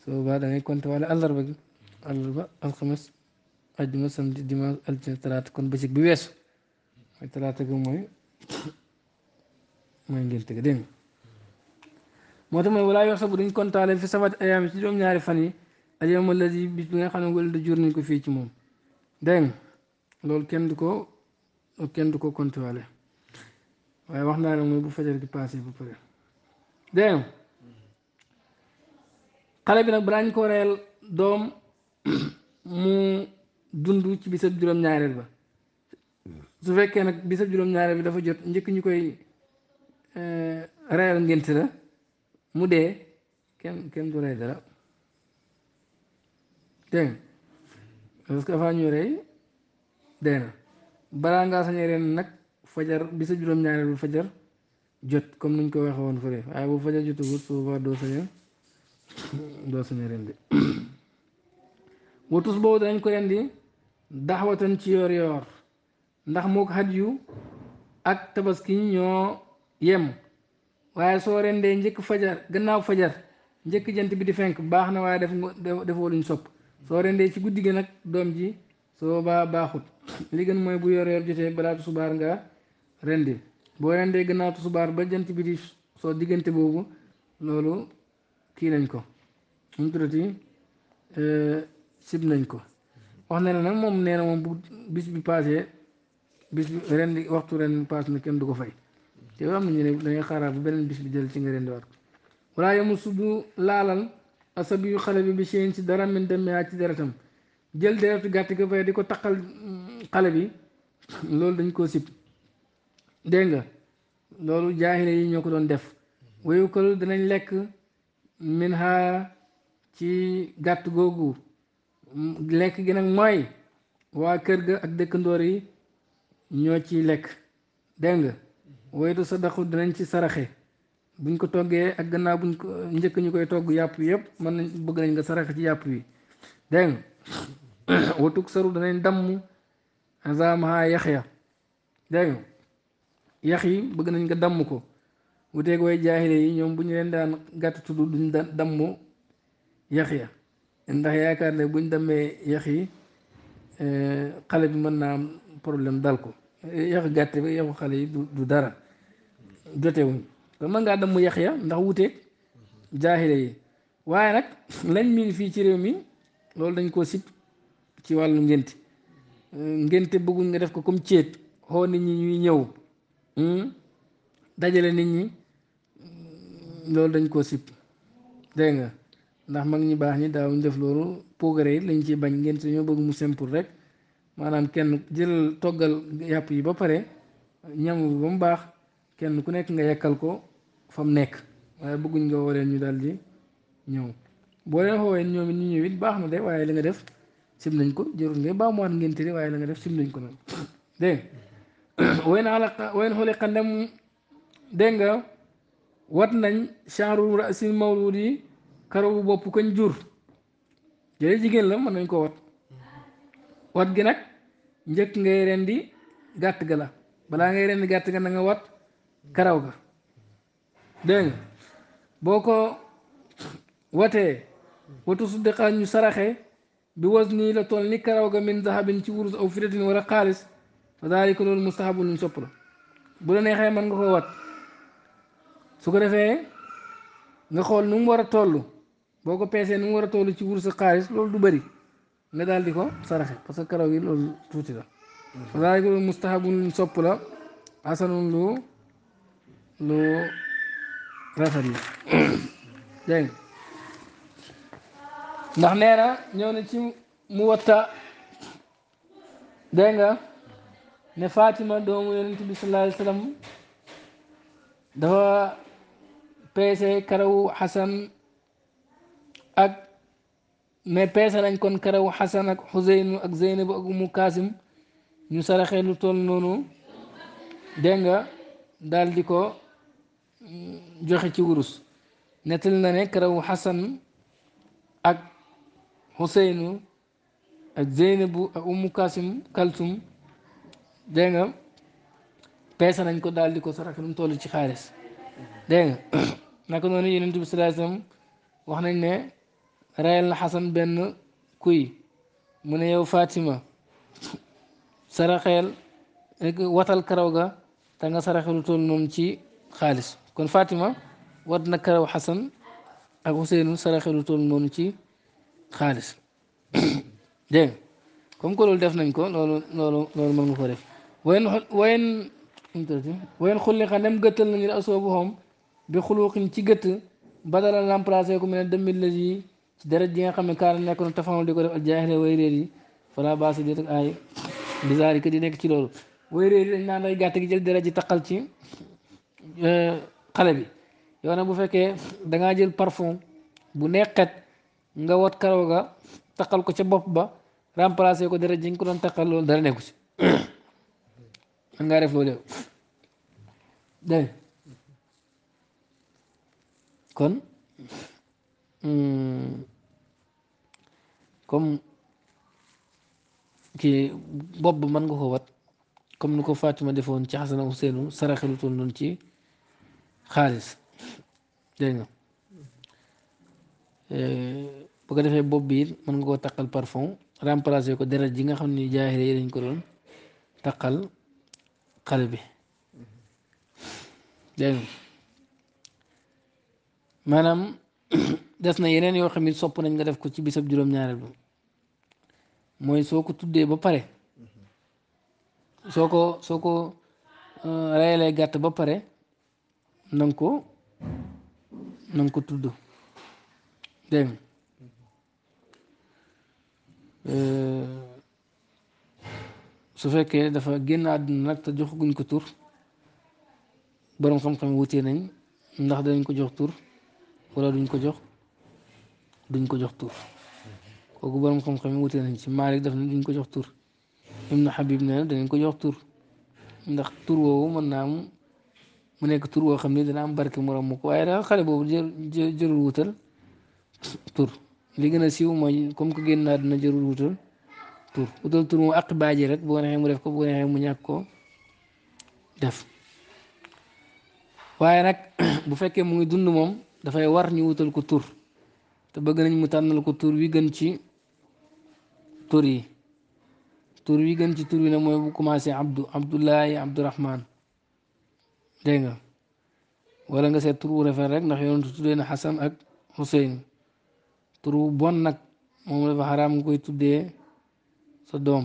su boobaa da ngay compter waale àllarba gi àllarba alxames ajuma samedi kon bëccëg bi weesu mooy talaata goo mooy. mooy ngénte ga dégg nga moo tax mooy walaa yox sabu duñ kontaale fi sabat ayaam ci juróom-ñaari fan yi alyawma alladi bis bi nga xam ne wala da jur nañ ko fii ci moom dégg nga loolu kenn du ko kenn du ko kontuwaale waaye wax naa ne mooy bu fajar gi passé bu pare dégg xale bi nag balaa ko reyal doom mu dund ci bisab juróom-ñaareel ba su fekkee nag bisab juróom-ñaareel bi dafa jot njëkk ñu koy Euh, rayal ngént la mu dee kenn kenn du rey dara dégg parce que avant ñu rey dee na balaa ngaa sañee ren nag fajar bi sa juróom-ñaareelu fajar jot comme nuñ ko waxee woon fële waaye bu fajar jotagut su boobaa doo doo sañee de watus boobu danañ ko rendi daxwatan ci yoor yoor ndax moo ko xat yu ak tabaski ñoo yem waaye soo rendee njëkk fajar gannaaw fajar njëkk jant bi di fenk baax na waaye def nga defoo luñ sopp soo rendee ci guddi gi nag doom ji soo baa baaxut li gën mooy bu yor yor jotee balaa tusubaar nga rendi boo rendee gannaaw tusubaar ba jant bi di soo diggante boobu loolu kii nañ ko mu tuddati euh, sib nañ ko wax na ne nag moom nee na moom bu bis bi paasee bis bi rendi waxtu ren paas na kenn du ko fay te am nañu ne da ngay bu beneen bis bi jël ci nga rendiwaat ko walaa yamusu du laalal asabi yu xale bi bi seen ci dara min demee ci deretam jël deretu gàtt ga fay di ko taqal xale bi loolu dañ koo sib dégg loolu jaahile yi ñoo ko doon def wayu danañ lekk min ci gàtt googu lekk gi nag waa kër ga ak dëkkandoor yi ñoo ci lekk dégg nga sa sadaqu danañ ci saraxe buñ ko toggee ak gannaaw buñ ko njëkk ñu koy togg yàpp wi yëpp mën nañ bëgg nañ nga saraxe ci yàpp wi dégg nga watuk saru danañ damm azamaha yax yi bëgg nañ nga damm ko wuteeg way jaahile yi ñoom bu ñu leen daan gàtt tudd duñ damm yax ya ndax yaakaar ne buñ demee yax yi eh, xale bi mën naa am problème dal ko eh, yax gàtte yaxu xale yi du dara jotewuñ kon mën ngaa dem mu yax ya ndax wuteeg jaahile yi waaye nag lañ miin fii ci réew mi loolu dañ koo sib ci wàllu eh, ngénte ngénte nga def ko comme céet xoo nit ñi ñuy ñëw hmm? dajale nit ñi hmm, loolu dañ koo sib dégg nga ndax mag ñi baax ñi daawuñ def loolu pogare yi lañ ciy bañ ngénte ñoo bëgg mu simple rek maanaam kenn jël toggal yàpp yi ba pare ñam ba mu baax kenn ku nekk nga yekkal ko fa mu nekk waaye bëgguñ nga woo ñu daal di ñëw boo leen xoowee ñoom it ñu ñëw baax na de waaye la nga def sim nañ ko jërul ngay baa mu waat ngeen tëri waaye la nga def sim nañ ko nag dégg nga wayn alaq wayn xooli xandem nga wat nañ chanru rasin mawlud yi karawu bopp kañ jigéen la mën nañ ko wat wat gi nag njëkk ngay rendi gàtt ga la balaa ngay rendi gàtt ga na wat karaw ga dégg nga boo ko watee watu su deqaat ñu saraxee bi was nii la toll ni karaw ga min zahabin ci wurus aw firatin wala xaalis fa daalika loolu mustahabu luñ sopp la bu la neexee man nga koo wat su ko defee nga xool nu mu war a toll boo ko peesee nu mu war a toll ci wurus xaalis loolu du bari nga daal ko saraxe parce que karaw gi loolu tuuti la fa daalika loolu mustahabu luñ sopp la asanun lu lu rafet la dégg ndax nee na ñëw na ci mu watta dégg ne Fatima doomu yonent bi sallallahu alayhi wa sallam dafa peese karawu Xasan ak mais peese lañ kon karawu Xasan ak Xuseynu ak Zeynabu ak Umu Kaasim ñu saraxee lu toll noonu dégg nga daal di ko. joxe ci wurus nettali na ne karaw xasan ak xuseynu ak zeynabu ak umu kasim kaltum dégg nga peese nañ ko daal di ko saraka num toll ci xaalis dégg nga naka noonu yonent bi sallallahu wax nañ ne rayal na xasan benn kuy mu ne yow Fatima saraxeel watal karaw ga te nga saraxelu toll ci xaalis kon Fatima war na karaw Xasan ak Ousseynou saraxelu toon noonu ci xaalis dégg comme que loolu def nañ ko loolu loolu loolu nga ko def wayen wayen wayen xulli xa nem gëttal nañu la asoo bu xoom bi xuluuqin ci gëtt badala remplacé ko mu ne demil la yi ci dara ji nga xam ne kaara nekk na tafanul di def ak jaaxle way réer baasi déet ay bizaar yi di nekk ci loolu way réer naan lay gàtt gi jël dara ji ci euh, xale bi yow nag bu fekkee dangaa jël parfum bu neexet nga wat karaw ga taqal ko ca bopp ba remplacer ko dara ji nga ko doon taqal loolu dara nekku ci man ngaa def loolu yow kon hmm, comme kii bopp ba mën nga ko wat comme nu ko Fatima defoon ci Xasan Useynu saraxelu toon noonu ci xaalis dégg nga eh, ko defee bopp bi mën nga koo taqal parfum remplacer ko deret ji nga xam ni jaaxle yi dañ ko doon taqal xale bi dégg maanaam des na yeneen yoo xam ne sopp nañ nga def ko ci bisab juróom-ñaareel bi mooy soo ko tuddee ba pare soo ko soo ko euh, rayalee gàtt ba pare na nga ko na nga ko tudd dégg eh, su fekkee dafa génn àdduna nag te joxaguñ ko tur boroom xam-xam wutee nañ ndax dañ ko jox tur wala duñ ko jox duñ ko jox tur kooku boroom xam-xam wutee nañ ci Maalik daf nañ duñ ko jox tur Ibnu Habib nee na danañ ko jox tur ndax tur woowu mën naa mu nekk tur woo xam ne dana am barke mu romb ko waaye daal xale boobu jë jërul wutal tur li gën a siw mooy comme que génn naa dina jërul wutal tur wutal tur mu àq baaji rek boo mu def ko boo mu ñàkk ko def waaye nag bu fekkee mu ngi dund moom dafay war ñu wutal ko tur te bëgg nañ mu tànnal ko tur wi gën ci tur yi tur wi gën ci tur yi nag mooy bu commencé abdu abdullahi abdurahman dégg nga wala nga seet tur wu rafet rek ndax yoon tuddee na Xasan ak Xuseyn tur wu bon nag moom dafa xaraam nga koy tuddee sa doom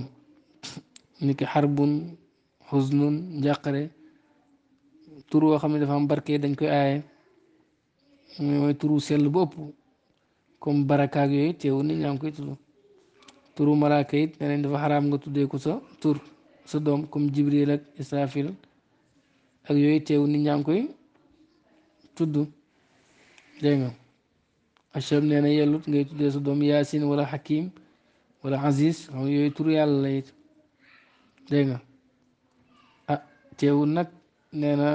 niki xarbun xusnun njàqare tur woo xam ne dafa am barke dañ koy aaye mooy turu sell bu ëpp comme barakaag yooyu teewul nit ñaa ngi koy tudd turu malaaka it ne dafa xaraam nga tuddee ko sa tur sa doom comme Jibril ak Israfil ak yooyu teewu ni ñaa ngi koy tudd dégg nga achab nee na yellut nga tuddee sa doom yaasin wala hakim wala aziz xam nga yooyu tur yàlla la it dégg nga ah teewul nag nee na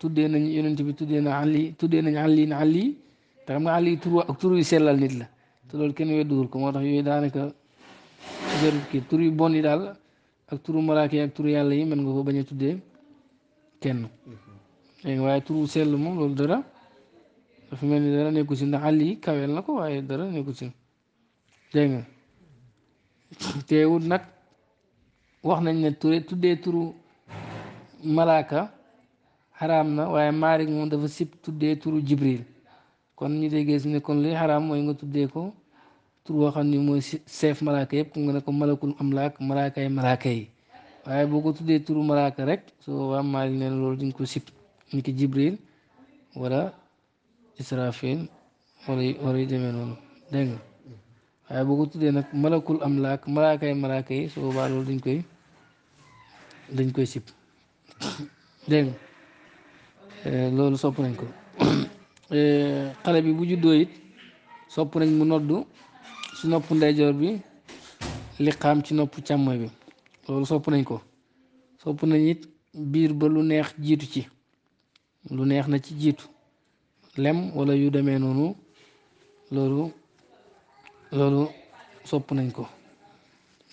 tuddee nañ yonent bi tuddee na àlli tuddee nañ àlli na àlli te xam nga àlli tur ak tur yu sellal nit la te loolu kenn wedduwul ko moo tax yooyu daanaka jarut kii tur yu bon yi daal ak turu malaaka yi ak turu yàlla yi mën nga ko bañ a tuddee kenn léegi waaye turu sell moom loolu dara dafa mel ni nekku si ndax àll yi kaweel na ko waaye dara nekku si dégg nga teewut nag wax nañ ne ture tuddee turu malaaka xaraam na waaye maarik moom dafa sib tuddee turu jibril kon ñu déggee si ne kon luy xaraam mooy nga tuddee ko tur woo xam ni mooy seef malaaka yëpp nga ne ko malakul amlaak malaakay malaaka yi waaye boo ko tuddee turu malaaka rek su boobaa maali neen loolu duñ ko sip ni ki jibril wala israfil wala wala yu demee noonu dégg nga waaye boo ko tuddee nag malakul am malaaka yi malaaka yi su boobaa loolu dañ koy dañ koy sip dégg nga eh, loolu sopp nañ ko eh, xale bi bu juddoo it sopp nañ mu nodd si nopp ndeyjoor bi liqaam ci nopp càmmoñ bi loolu sopp nañ ko sopp nañ it biir ba lu neex jiitu ci lu neex na ci jiitu lem wala yu demee noonu loolu loolu sopp nañ ko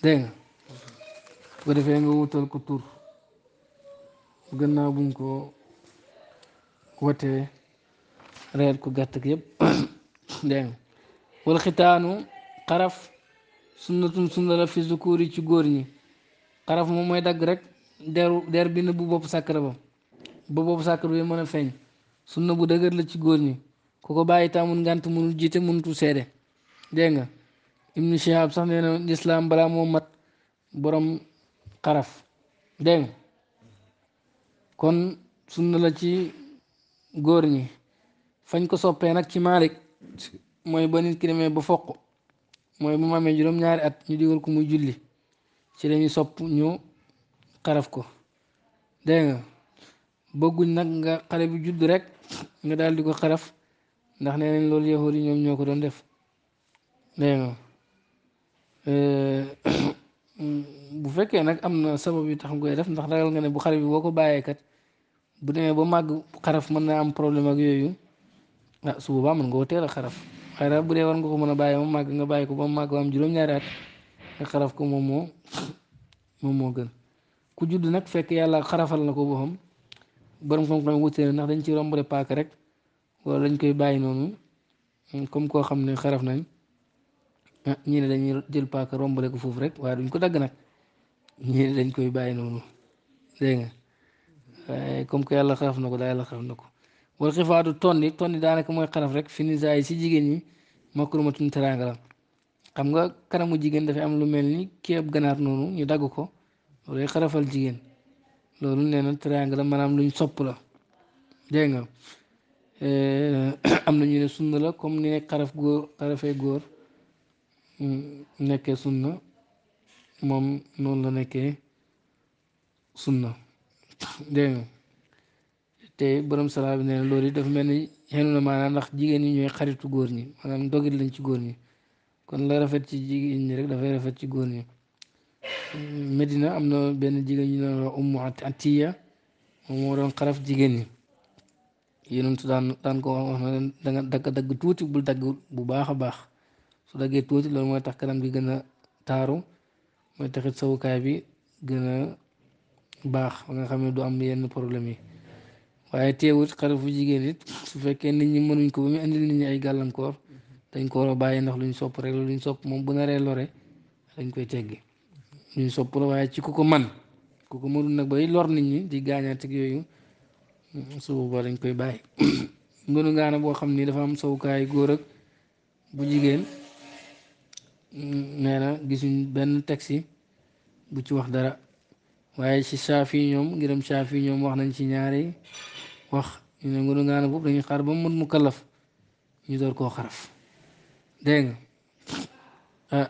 dégg nga ko defee nga wutal ko tur gannaaw buñ ko watee reer ko gàtt ak yëpp dégg nga xaraf sunnatun sunna la fi zukuri ci góor ñi xaraf moom mooy dagg rek deru der bi nëbbu bopp sàkkara ba ba bopp sàkkara bi mën a feeñ sunna bu dëgër la ci góor ñi ku ko bàyyi taamun ngant mënul jiite mënutu seede dégg nga ibnu shihab sax nee na lislaam balaa moo mat borom xaraf dégg kon sunna la ci góor ñi fañ ko soppee nag ci Malik mooy ba nit ki demee ba foq mooy bu mu amee juróom-ñaari at ñu digal ko muy julli ci lañu sopp ñu xaraf ko dégg nga bëgguñ nag nga xale bi judd rek nga daal di ko xaraf ndax nee nañ loolu yahuud yi ñoom ñoo ko doon def dégg nga euh, bu fekkee nag am na sabab yu tax nga koy def ndax ragal nga ne bu xaraf bi boo ko bàyyee kat bu demee ba màgg xaraf mën naa am problème ak yooyu ah su boobaa mën nga ko teel a xaraf waaye daal bu dee war nga ko mën a bàyyi ba màgg nga bàyyi ko ba màgg ba am juróom-ñaari at te xaraf ko moom moo moom moo gën ku judd nag fekk yàlla xarafal na ko boppam borom xam-xam wute na ndax dañ ci rombale paak rek wala dañ koy bàyyi noonu comme koo xam ne xaraf nañ ah, ñii ne dañuy jël paak rombale ko foofu rek waaye duñ ko dagg nag ñii ne dañ koy bàyyi noonu dégg nga waaye comme que yàlla xaraf na ko daa yàlla xaraf na ko wala xifaatu tonni tonni daanaka mooy xaraf rek fini saa yi si jigéen ñi makrumatun teraanga la xam nga kanamu jigéen dafay am lu mel ni kii ab ganaar noonu ñu dagg ko loolu xarafal jigéen loolu nee na triangle la maanaam luñ sopp la dégg nga eh, am na ñu la comme ni nekk xaraf góor góor mm, nekkee sunna moom noonu la nekkee sunna dégg te borom salaa bi nee na loolu dafa mel ni xenu na maanaam ndax jigéen ñi ñooy xaritu góor ñi maanaam dogit lañ ci góor ñi kon la rafet ci jigéen ñi rek dafay rafet ci góor ñi Medina am na benn jigéen ñu doon wax Ummu Atiya moom moo doon xaraf jigéen ñi yéen daan daan ko wax na leen dagg dagg tuuti bul dagg bu baax a baax su daggee tuuti loolu mooy tax kanam gi gën a taaru mooy taxit sawukaay bi gën a baax ba nga xam ne du am yenn problème yi waaye teewut xarafu jigéen it su fekkee nit ñi mënuñ ko ba mu indil nit ñi ay gàllankoor. dañ ko a bàyyi ndax luñ sopp rek luñ sopp moom bu naree lore dañ koy tegge luñ sopp la waaye ci ku ko man ku ko mënul nag bay lor nit ñi di gaañaat ak yooyu mm, su dañ koy bàyyi ngënu ngaana boo xam ni dafa am sowukaay góor ak bu jigéen mm, nee na gisuñ benn taxi bu ci wax dara waaye ci saafi ñoom ngiram saafi ñoom wax nañ ci ñaari wax ñu ne ngënu ngaana boobu dañuy xaar ba mu mën mu kalaf ñu door koo xaraf dégg nga ah,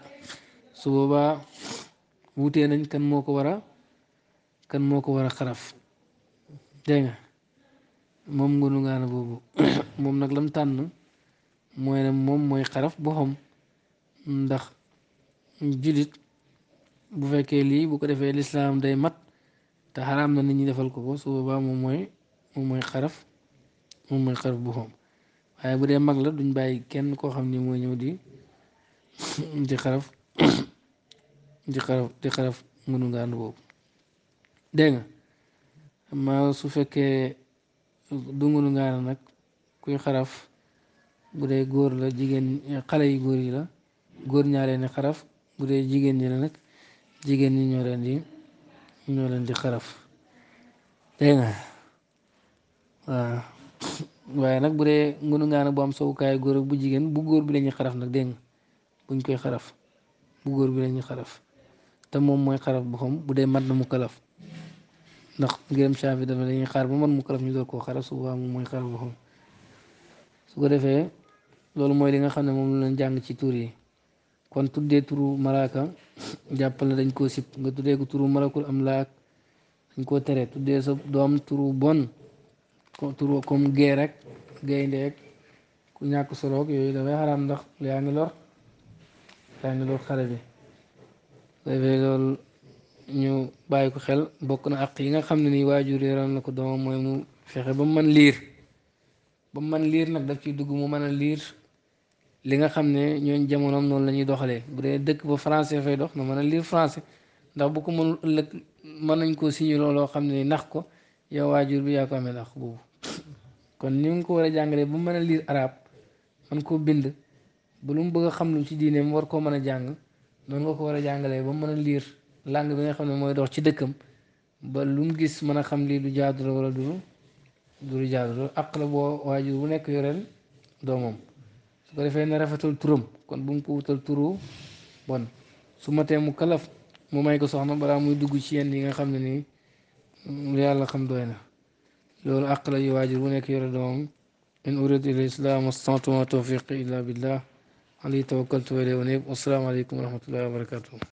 su boobaa wutee nañ kan moo ko war a kan moo ko war a xaraf dégg nga moom ngunu ngaana boobu moom nag lam tànn mooy ne moom mooy xaraf boppam ndax julit bu fekkee lii bu ko defee lislaam day mat te xaraam na nit ñi defal ko ko su boobaa moom mooy moom mooy xaraf moom mooy xaraf boppam waaye bu dee mag la duñ bàyyi kenn koo xam ni mooy ñëw di di xaraf di xaraf di xaraf mënu nga ànd boobu dégg nga maa su fekkee du mënu nga nag kuy xaraf bu dee góor la jigéen xale yi góor yi la góor ñaa leen di xaraf bu dee jigéen ñi la nag jigéen ñi ñoo leen di ñoo leen di xaraf dégg nga waaw waaye nag bu dee ngunu ngaana bu am sowukaay góor ak bu jigéen bu góor bi dañuy xaraf nag dégg nga buñ koy xaraf bu góor bi la ñuy xaraf te moom mooy xaraf bu xam bu dee mat na mu kalaf ndax ngërëm saafi dafa dañuy xaar ba man mu kalaf ñu door koo xaraf su boobaa mooy xaraf bu xam ko defee loolu mooy li nga xam ne moom la jàng ci tur yi kon tuddee turu malaaka jàppal na dañ koo sipp nga tuddee ko tur turu kul am laa dañ koo tere tuddee sa doom turu bon tur comme gée rek gayndeeg ku ñàkk soloog yooyu dafay xaraam ndax yaa ngi lor yaa ngi lor xale bi ko xel bokk na ak yi nga xam ne nii waajur yoral na ko doomam mooy mu fexe ba mu man liir ba mu mën liir nag daf ciy dugg mu mën a liir li nga xam ne ñooñ jamonoom noonu la ñuy doxalee bu dee dëkk ba français fay dox na mën a liir français ndax bu ko mënul ëllëg mën nañ koo signé looloo xam ne nax ko yow waajur bi yaa ko amee nax boobu kon ni mu ko war a jàngalee bu mën a lire arab man koo bind ba lu mu bëgg a xam lu ci diine mu war koo mën a jàng noonu nga ko war a jàngalee ba mën a liir langue bi nga xam ne mooy dox ci dëkkam ba lu mu gis mën a xam lii lu jaadu la wala du du lu jaadu loolu àq la boo waajur bu nekk yoreel doomam su ko defee na rafetal turam kon bu mu ko wutal turu bon su matee mu kalaf mu may ko soxna balaa muy dugg ci yenn yi nga xam ne nii lu yàlla xam doy na. لو العقل يهاجرونك يردهم إن أريد الإسلام والصمت وما توفيقي إلا بالله علي توكلت وإلى أنيب والسلام عليكم ورحمة الله وبركاته